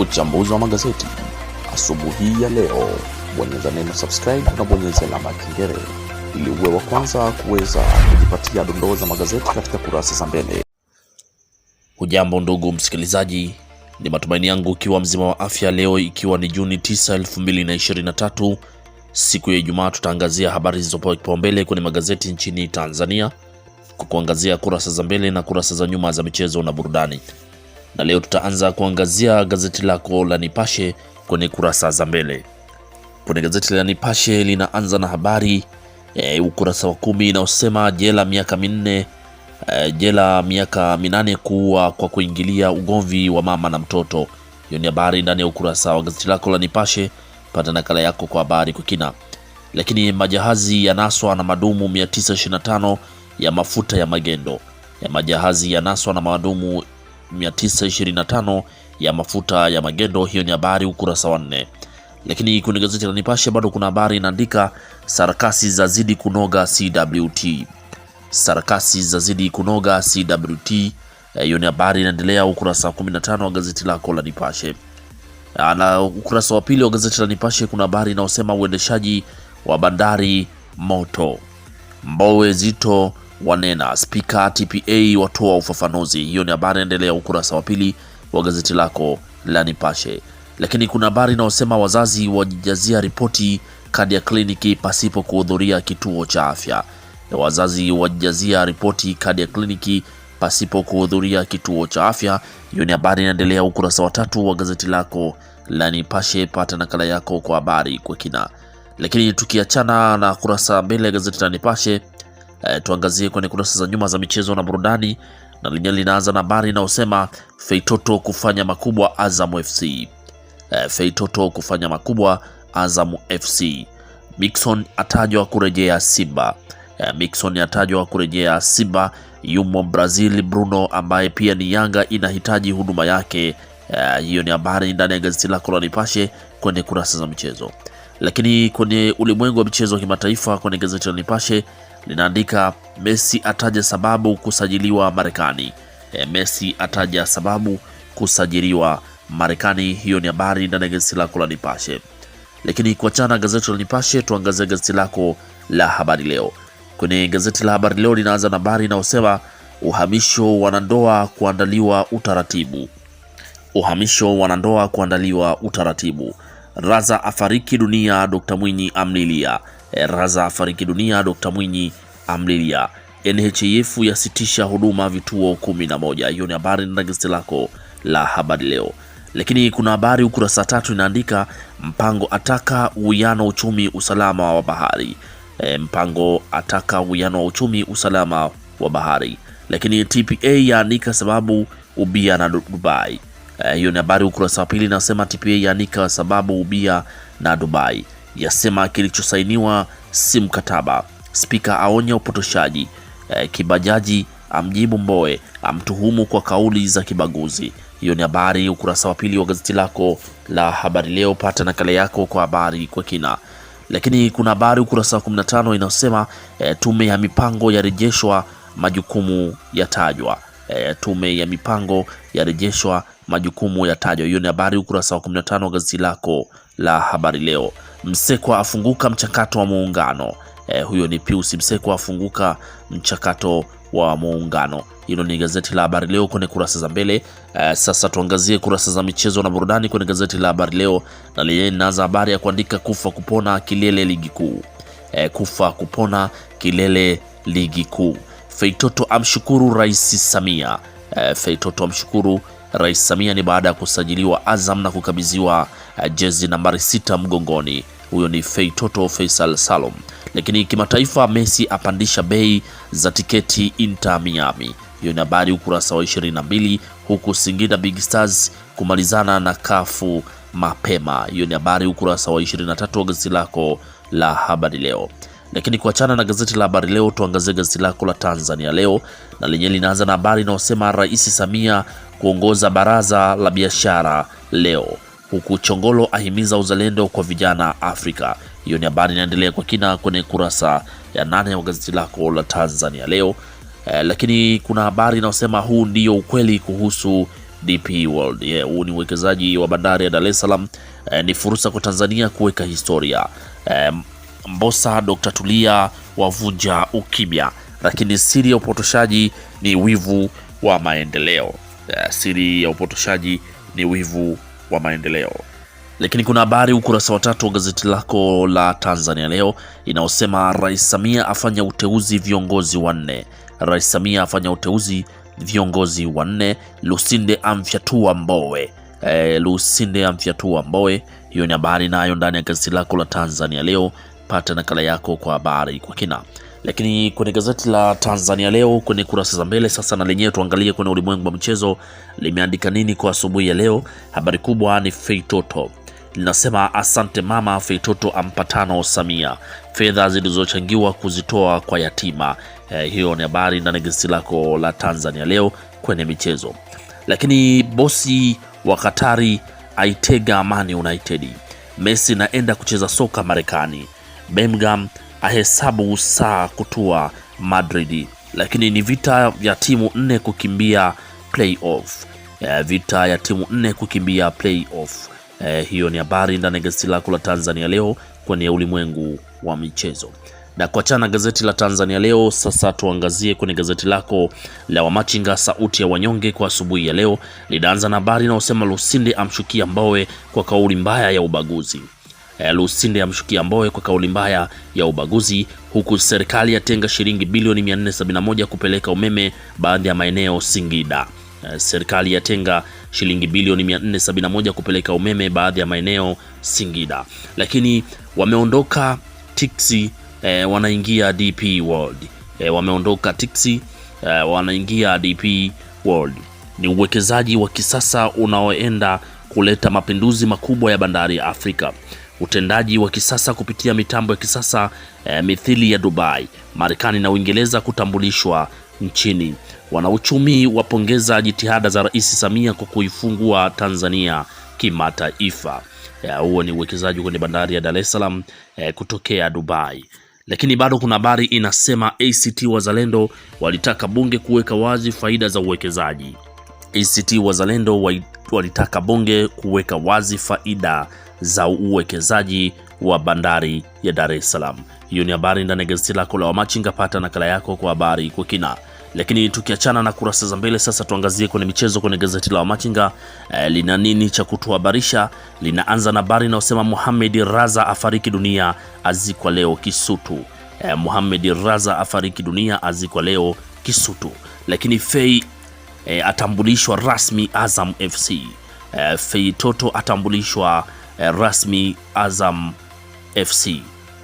Uchambuzi wa magazeti asubuhi ya leo, bonyeza neno subscribe na bonyeza alama ya kengele ili uwe wa kwanza kuweza kujipatia dondoo za magazeti katika kurasa za mbele. Hujambo ndugu msikilizaji, ni matumaini yangu ukiwa mzima wa afya leo, ikiwa ni Juni 9, 2023 siku ya Ijumaa. Tutaangazia habari zilizopewa kipaumbele kwenye magazeti nchini Tanzania kwa kuangazia kurasa za mbele na kurasa za nyuma za michezo na burudani na leo tutaanza kuangazia gazeti lako la Nipashe kwenye kurasa za mbele. Kwenye gazeti la Nipashe linaanza na habari e, ukurasa wa kumi inaosema jela miaka minne e, jela miaka minane kuua kwa kuingilia ugomvi wa mama na mtoto. Hiyo ni habari ndani ya ukurasa wa gazeti lako la Nipashe. Pata nakala yako kwa habari kwa kina. Lakini majahazi yanaswa na madumu 925 ya mafuta ya magendo ya majahazi yanaswa na madumu 925 ya mafuta ya magendo. Hiyo ni habari ukurasa wa nne. Lakini kwenye gazeti la Nipashe bado kuna habari inaandika, sarakasi zidi kunoga CWT, sarakasi zidi kunoga CWT. Eh, hiyo ni habari inaendelea ukurasa wa 15 wa gazeti lako la Nipashe. Ah, na ukurasa wa pili wa gazeti la Nipashe kuna habari inayosema uendeshaji wa bandari moto, Mbowe Zito wanena, spika TPA watoa ufafanuzi. Hiyo ni habari, endelea ukurasa wa pili wa gazeti lako la Nipashe. Lakini kuna habari inayosema wazazi wajijazia ripoti kadi ya kliniki pasipo kuhudhuria kituo cha afya. Wazazi wajijazia ripoti kadi ya kliniki pasipo kuhudhuria kituo cha afya. Hiyo ni habari inaendelea ukurasa wa tatu wa gazeti lako la Nipashe. Pata nakala yako kwa habari kwa kina. Lakini tukiachana na kurasa mbele ya gazeti la Nipashe, E, tuangazie kwenye kurasa za nyuma za michezo na burudani, na lenyewe linaanza na habari inayosema Feitoto kufanya makubwa Azam FC. E, eh, Feitoto kufanya makubwa Azam FC. Mixon atajwa kurejea Simba. E, Mixon atajwa kurejea Simba, yumo Brazil Bruno ambaye pia ni Yanga inahitaji huduma yake. E, hiyo ni habari ndani ya gazeti lako la Nipashe kwenye kurasa za michezo. Lakini kwenye ulimwengu wa michezo wa kimataifa kwenye gazeti la Nipashe linaandika Messi ataja sababu kusajiliwa Marekani. E, Messi ataja sababu kusajiliwa Marekani. Hiyo ni habari ndani ya gazeti lako la Nipashe, lakini kuachana gazeti la Nipashe, tuangazie gazeti lako la Habari Leo. Kwenye gazeti la Habari Leo linaanza na habari inayosema uhamisho wanandoa kuandaliwa utaratibu, uhamisho wanandoa kuandaliwa utaratibu. Raza afariki dunia, Dr Mwinyi amlilia Eh, Raza afariki dunia, Dr. Mwinyi amlilia. NHIF yasitisha huduma vituo kumi na moja. Hiyo ni habari na gazeti lako la habari leo, lakini kuna habari ukurasa tatu inaandika Mpango ataka uwiano uchumi usalama wa bahari. E, Mpango ataka uwiano wa uchumi usalama wa bahari, lakini TPA yaandika sababu ubia na Dubai. Eh, hiyo e, ni habari ukurasa wa pili inasema TPA yaandika sababu ubia na Dubai yasema kilichosainiwa si mkataba. Spika aonya upotoshaji. E, Kibajaji amjibu mboe amtuhumu kwa kauli za kibaguzi. Hiyo ni habari ukurasa wa pili wa gazeti lako la Habari Leo. Pata nakala yako kwa habari kwa kina. Lakini kuna habari ukurasa wa 15 inayosema e, tume ya mipango yarejeshwa majukumu yatajwa. E, tume ya mipango yarejeshwa majukumu yatajwa. Hiyo ni habari ukurasa wa 15 wa gazeti lako la Habari Leo. Msekwa afunguka mchakato wa muungano. E, huyo ni Pius Msekwa afunguka mchakato wa muungano. Hilo ni gazeti la Habari Leo kwenye kurasa za mbele. E, sasa tuangazie kurasa za michezo na burudani kwenye gazeti la Habari Leo, na lenyewe linaanza habari ya kuandika kufa kupona kilele ligi kuu. E, kufa kupona kilele ligi kuu. Feitoto amshukuru Rais Samia. E, Feitoto amshukuru Rais Samia ni baada ya kusajiliwa Azam na kukabidhiwa eh, jezi nambari sita mgongoni. Huyo ni Feitoto Faisal Salum. Lakini kimataifa, Messi apandisha bei za tiketi Inter Miami. Hiyo ni habari ukurasa wa 22, huku Singida Big Stars kumalizana na kafu mapema. Hiyo ni habari ukurasa wa 23 wa gazeti lako la habari leo. Lakini kuachana na gazeti la habari leo, tuangazie gazeti lako la Tanzania Leo na lenyewe linaanza na habari inayosema Rais Samia kuongoza baraza la biashara leo, huku Chongolo ahimiza uzalendo kwa vijana Afrika. Hiyo ni habari inaendelea kwa kina kwenye kurasa ya nane ya gazeti lako la Tanzania Leo. Eh, lakini kuna habari inayosema huu ndio ukweli kuhusu DP World. Yeah, huu ni uwekezaji wa bandari ya Dar es Salaam. Eh, ni fursa kwa Tanzania kuweka historia. Eh, Mbosa Dr. Tulia wavunja ukimya, lakini siri ya upotoshaji ni wivu wa maendeleo. Eh, siri ya upotoshaji ni wivu wa maendeleo. Lakini kuna habari ukurasa wa tatu wa gazeti lako la Tanzania Leo inayosema Rais Samia afanya uteuzi viongozi wanne. Rais Samia afanya uteuzi viongozi wanne. Lusinde amfyatua Mbowe. E, Lusinde amfyatua Mbowe. Hiyo ni habari nayo ndani ya gazeti lako la Tanzania Leo. Pata nakala yako kwa habari kwa kina. Lakini kwenye gazeti la Tanzania leo kwenye kurasa za mbele sasa, na lenyewe tuangalie kwenye ulimwengu wa michezo limeandika nini kwa asubuhi ya leo. Habari kubwa ni Feitoto linasema asante mama Feitoto ampatano Samia, fedha zilizochangiwa kuzitoa kwa yatima. Eh, hiyo ni habari ndani gazeti lako la Tanzania leo kwenye michezo. Lakini bosi wa Katari aitega Man United, Messi naenda kucheza soka Marekani, Birmingham ahesabu saa kutua Madrid, lakini ni vita vya timu nne kukimbia playoff. E, vita ya timu nne kukimbia playoff. E, hiyo ni habari ndani ya gazeti lako la Tanzania leo kwenye ulimwengu wa michezo na kuachana gazeti la Tanzania leo sasa, tuangazie kwenye gazeti lako la Wamachinga sauti ya wanyonge kwa asubuhi ya leo. Linaanza na habari inayosema Lusinde amshukia Mbowe kwa kauli mbaya ya ubaguzi. Eh, Lusinde amshukia Mbowe kwa kauli mbaya ya ubaguzi, huku serikali yatenga shilingi bilioni 471 kupeleka umeme baadhi ya maeneo Singida. Eh, serikali yatenga shilingi bilioni 471 kupeleka umeme baadhi ya maeneo Singida. Lakini wameondoka tiksi eh, wanaingia DP World wameondoka tiksi wanaingia DP World. Ni uwekezaji wa kisasa unaoenda kuleta mapinduzi makubwa ya bandari ya Afrika utendaji wa kisasa kupitia mitambo ya kisasa e, mithili ya Dubai, Marekani na Uingereza kutambulishwa nchini. Wanauchumi wapongeza jitihada za Rais Samia kwa kuifungua Tanzania kimataifa. Eh, huo ni uwekezaji kwenye bandari ya Dar es Salaam e, kutokea Dubai. Lakini bado kuna habari inasema ACT Wazalendo walitaka bunge kuweka wazi faida za uwekezaji. ACT Wazalendo walitaka bunge kuweka wazi faida za uwekezaji wa bandari ya Dar es Salaam. Hiyo ni habari ndani ya gazeti lako la Wamachinga. Pata nakala yako kwa habari kwa kina. Lakini tukiachana na kurasa za mbele, sasa tuangazie kwenye michezo kwenye gazeti la Wamachinga. E, lina nini cha kutuhabarisha? Linaanza na habari inayosema Mohamed Raza afariki dunia azikwa leo Kisutu. E, Mohamed Raza afariki dunia azikwa leo Kisutu. Lakini Fei e, atambulishwa rasmi Azam FC. E, Fei Toto atambulishwa Eh, rasmi Azam FC.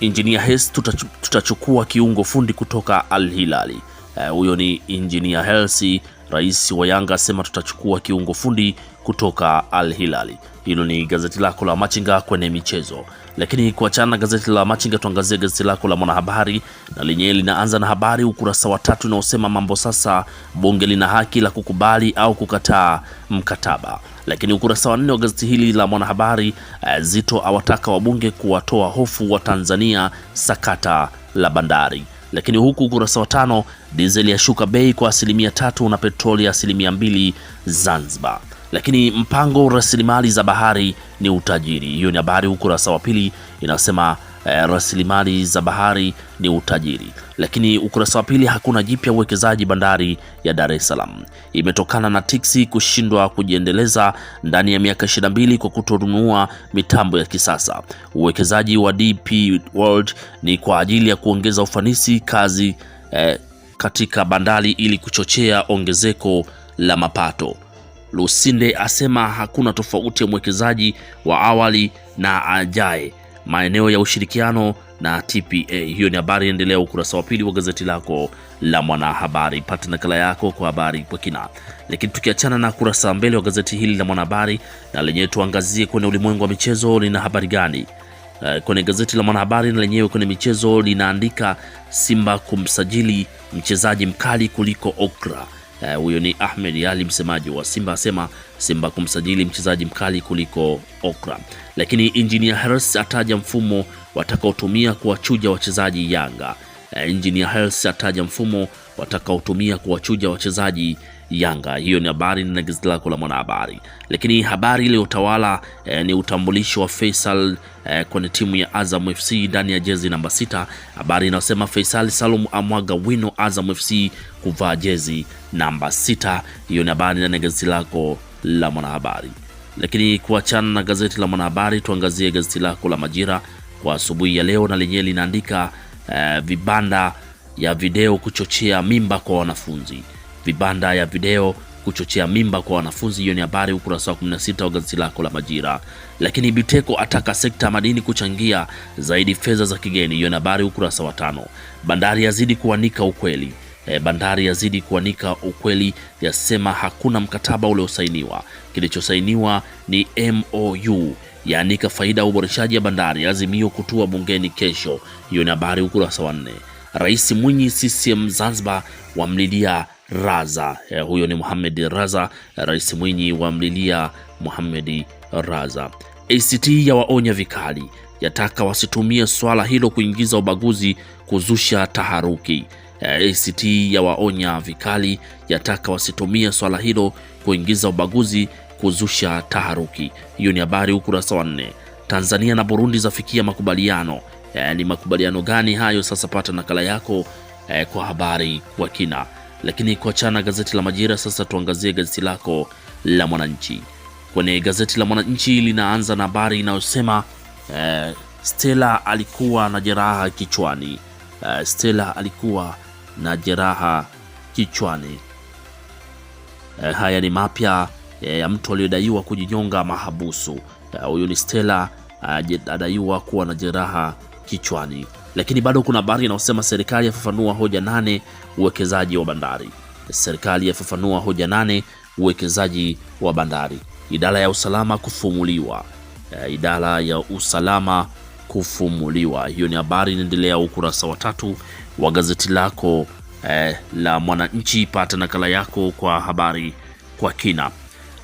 Engineer hes tutachukua kiungo fundi kutoka Al Hilali. Eh, huyo ni Engineer Hersi. Rais wa Yanga asema tutachukua kiungo fundi kutoka Al Hilali. Hilo ni gazeti lako la Machinga kwenye michezo. Lakini kuachana na gazeti la Machinga, tuangazie gazeti lako la Mwanahabari na lenyewe linaanza na habari ukurasa wa tatu unaosema mambo sasa, bunge lina haki la kukubali au kukataa mkataba. Lakini ukurasa wa nne wa gazeti hili la Mwanahabari, eh, Zito awataka wabunge kuwatoa hofu wa Tanzania sakata la bandari lakini huku ukurasa wa tano dizeli yashuka bei kwa asilimia tatu na petroli ya asilimia mbili Zanzibar lakini mpango rasilimali za bahari ni utajiri. Hiyo ni habari ukurasa wa pili inasema eh, rasilimali za bahari ni utajiri, lakini ukurasa wa pili hakuna jipya uwekezaji bandari ya Dar es Salaam. Imetokana na tiksi kushindwa kujiendeleza ndani ya miaka 22 kwa kutonunua mitambo ya kisasa. Uwekezaji wa DP World ni kwa ajili ya kuongeza ufanisi kazi eh, katika bandari ili kuchochea ongezeko la mapato. Lusinde asema hakuna tofauti ya mwekezaji wa awali na ajaye, maeneo ya ushirikiano na TPA. Hiyo ni habari, endelea ukurasa wa pili wa gazeti lako la Mwanahabari. Pata nakala yako kwa habari kwa kina. Lakini tukiachana na kurasa mbele wa gazeti hili la Mwanahabari na lenyewe, tuangazie kwenye ulimwengu wa michezo, lina habari gani? Eh, kwenye gazeti la Mwanahabari na lenyewe kwenye michezo linaandika Simba kumsajili mchezaji mkali kuliko Okra Eh, huyo ni Ahmed Ali, msemaji wa Simba, asema Simba kumsajili mchezaji mkali kuliko Okra. Lakini Engineer Hersi ataja mfumo watakaotumia kuwachuja wachezaji Yanga. Eh, Engineer Hersi ataja mfumo watakaotumia kuwachuja wachezaji Yanga. Hiyo ni habari na gazeti lako la Mwanahabari, lakini habari iliyotawala e, ni utambulisho wa Faisal e, kwenye timu ya Azam FC ndani ya jezi namba sita, habari inayosema Faisal Salum amwaga wino Azam FC kuvaa jezi namba sita. Hiyo ni habari na ya gazeti lako la Mwanahabari, lakini kuachana na gazeti la Mwanahabari tuangazie gazeti lako la Majira kwa asubuhi ya leo, na lenyewe linaandika e, vibanda ya video kuchochea mimba kwa wanafunzi vibanda ya video kuchochea mimba kwa wanafunzi. Hiyo ni habari ukurasa wa 16 wa gazeti lako la Majira. Lakini Biteko ataka sekta ya madini kuchangia zaidi fedha za kigeni. Hiyo ni habari ukurasa wa tano. Bandari yazidi kuanika ukweli e, bandari yazidi kuanika ukweli, yasema hakuna mkataba uliosainiwa. Kilichosainiwa ni MOU, yaanika faida ya uboreshaji ya bandari. Azimio kutua bungeni kesho. Hiyo ni habari ukurasa wa nne. Rais Mwinyi CCM Zanzibar wamlilia Raza. Eh, huyo ni Mohamed Raza. Rais Mwinyi wa mlilia Mohamed Raza. ACT yawaonya vikali, yataka wasitumie swala hilo kuingiza ubaguzi, kuzusha taharuki. Eh, ACT yawaonya vikali, yataka wasitumie swala hilo kuingiza ubaguzi, kuzusha taharuki. Hiyo ni habari ukurasa wa nne. Tanzania na Burundi zafikia makubaliano. Eh, ni makubaliano gani hayo? Sasa pata nakala yako kwa habari kwa kina. Lakini kuachana gazeti la Majira, sasa tuangazie gazeti lako la Mwananchi. Kwenye gazeti la Mwananchi linaanza na habari inayosema eh, Stella alikuwa na jeraha kichwani. Eh, Stella alikuwa na jeraha kichwani. Eh, haya ni mapya eh, ya mtu aliyodaiwa kujinyonga mahabusu. Eh, huyu eh, ni Stella eh, adaiwa kuwa na jeraha kichwani. Lakini bado kuna habari inayosema serikali yafafanua hoja nane uwekezaji wa bandari. Serikali yafafanua hoja nane uwekezaji wa bandari. Idara ya usalama kufumuliwa. Eh, idara ya usalama kufumuliwa. Hiyo ni habari inaendelea ukurasa wa tatu wa gazeti lako eh, la Mwananchi. Pata nakala yako kwa habari kwa kina.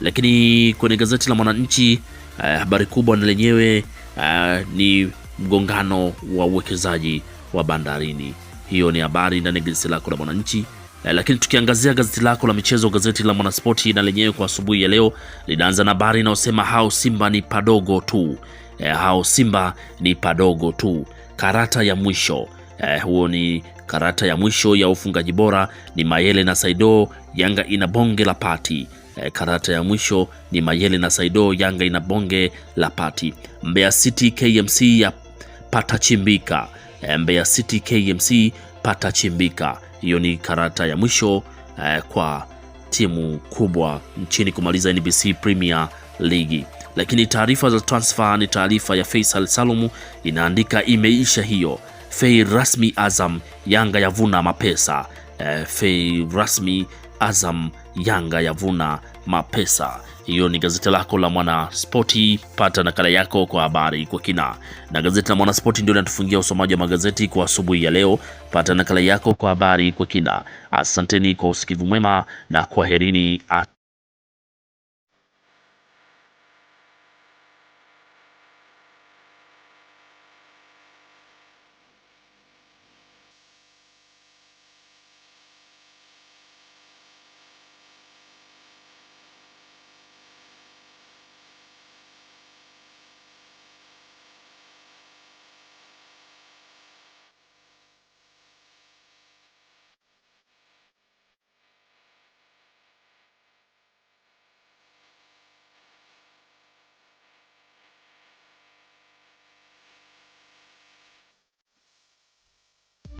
Lakini kwenye gazeti la Mwananchi eh, habari kubwa na lenyewe eh, ni mgongano wa uwekezaji wa bandarini. Hiyo ni habari ndani ya gazeti lako la Mwananchi. Eh, lakini tukiangazia gazeti lako la michezo, gazeti la Mwanaspoti na lenyewe kwa asubuhi ya leo linaanza na habari inayosema hao Simba ni padogo tu. E, hao Simba ni padogo tu. Karata ya mwisho e, huo ni karata ya mwisho ya ufungaji bora ni Mayele na Saido. Yanga ina bonge la pati. E, karata ya mwisho ni Mayele na Saido. Yanga ina bonge la pati. Mbeya City KMC ya patachimbika Eh, Mbeya City KMC pata chimbika Hiyo ni karata ya mwisho eh, kwa timu kubwa nchini kumaliza NBC Premier League. Lakini taarifa za transfer ni taarifa ya Faisal Salumu inaandika imeisha hiyo. Fei rasmi Azam, Yanga yavuna mapesa. Eh, Fei rasmi Azam, Yanga yavuna mapesa. Hiyo ni gazeti lako la mwana spoti Pata nakala yako kwa habari kwa kina. Na gazeti la Mwanaspoti ndio linatufungia usomaji wa magazeti kwa asubuhi ya leo. Pata nakala yako kwa habari kwa kina. Asanteni kwa usikivu mwema na kwaherini.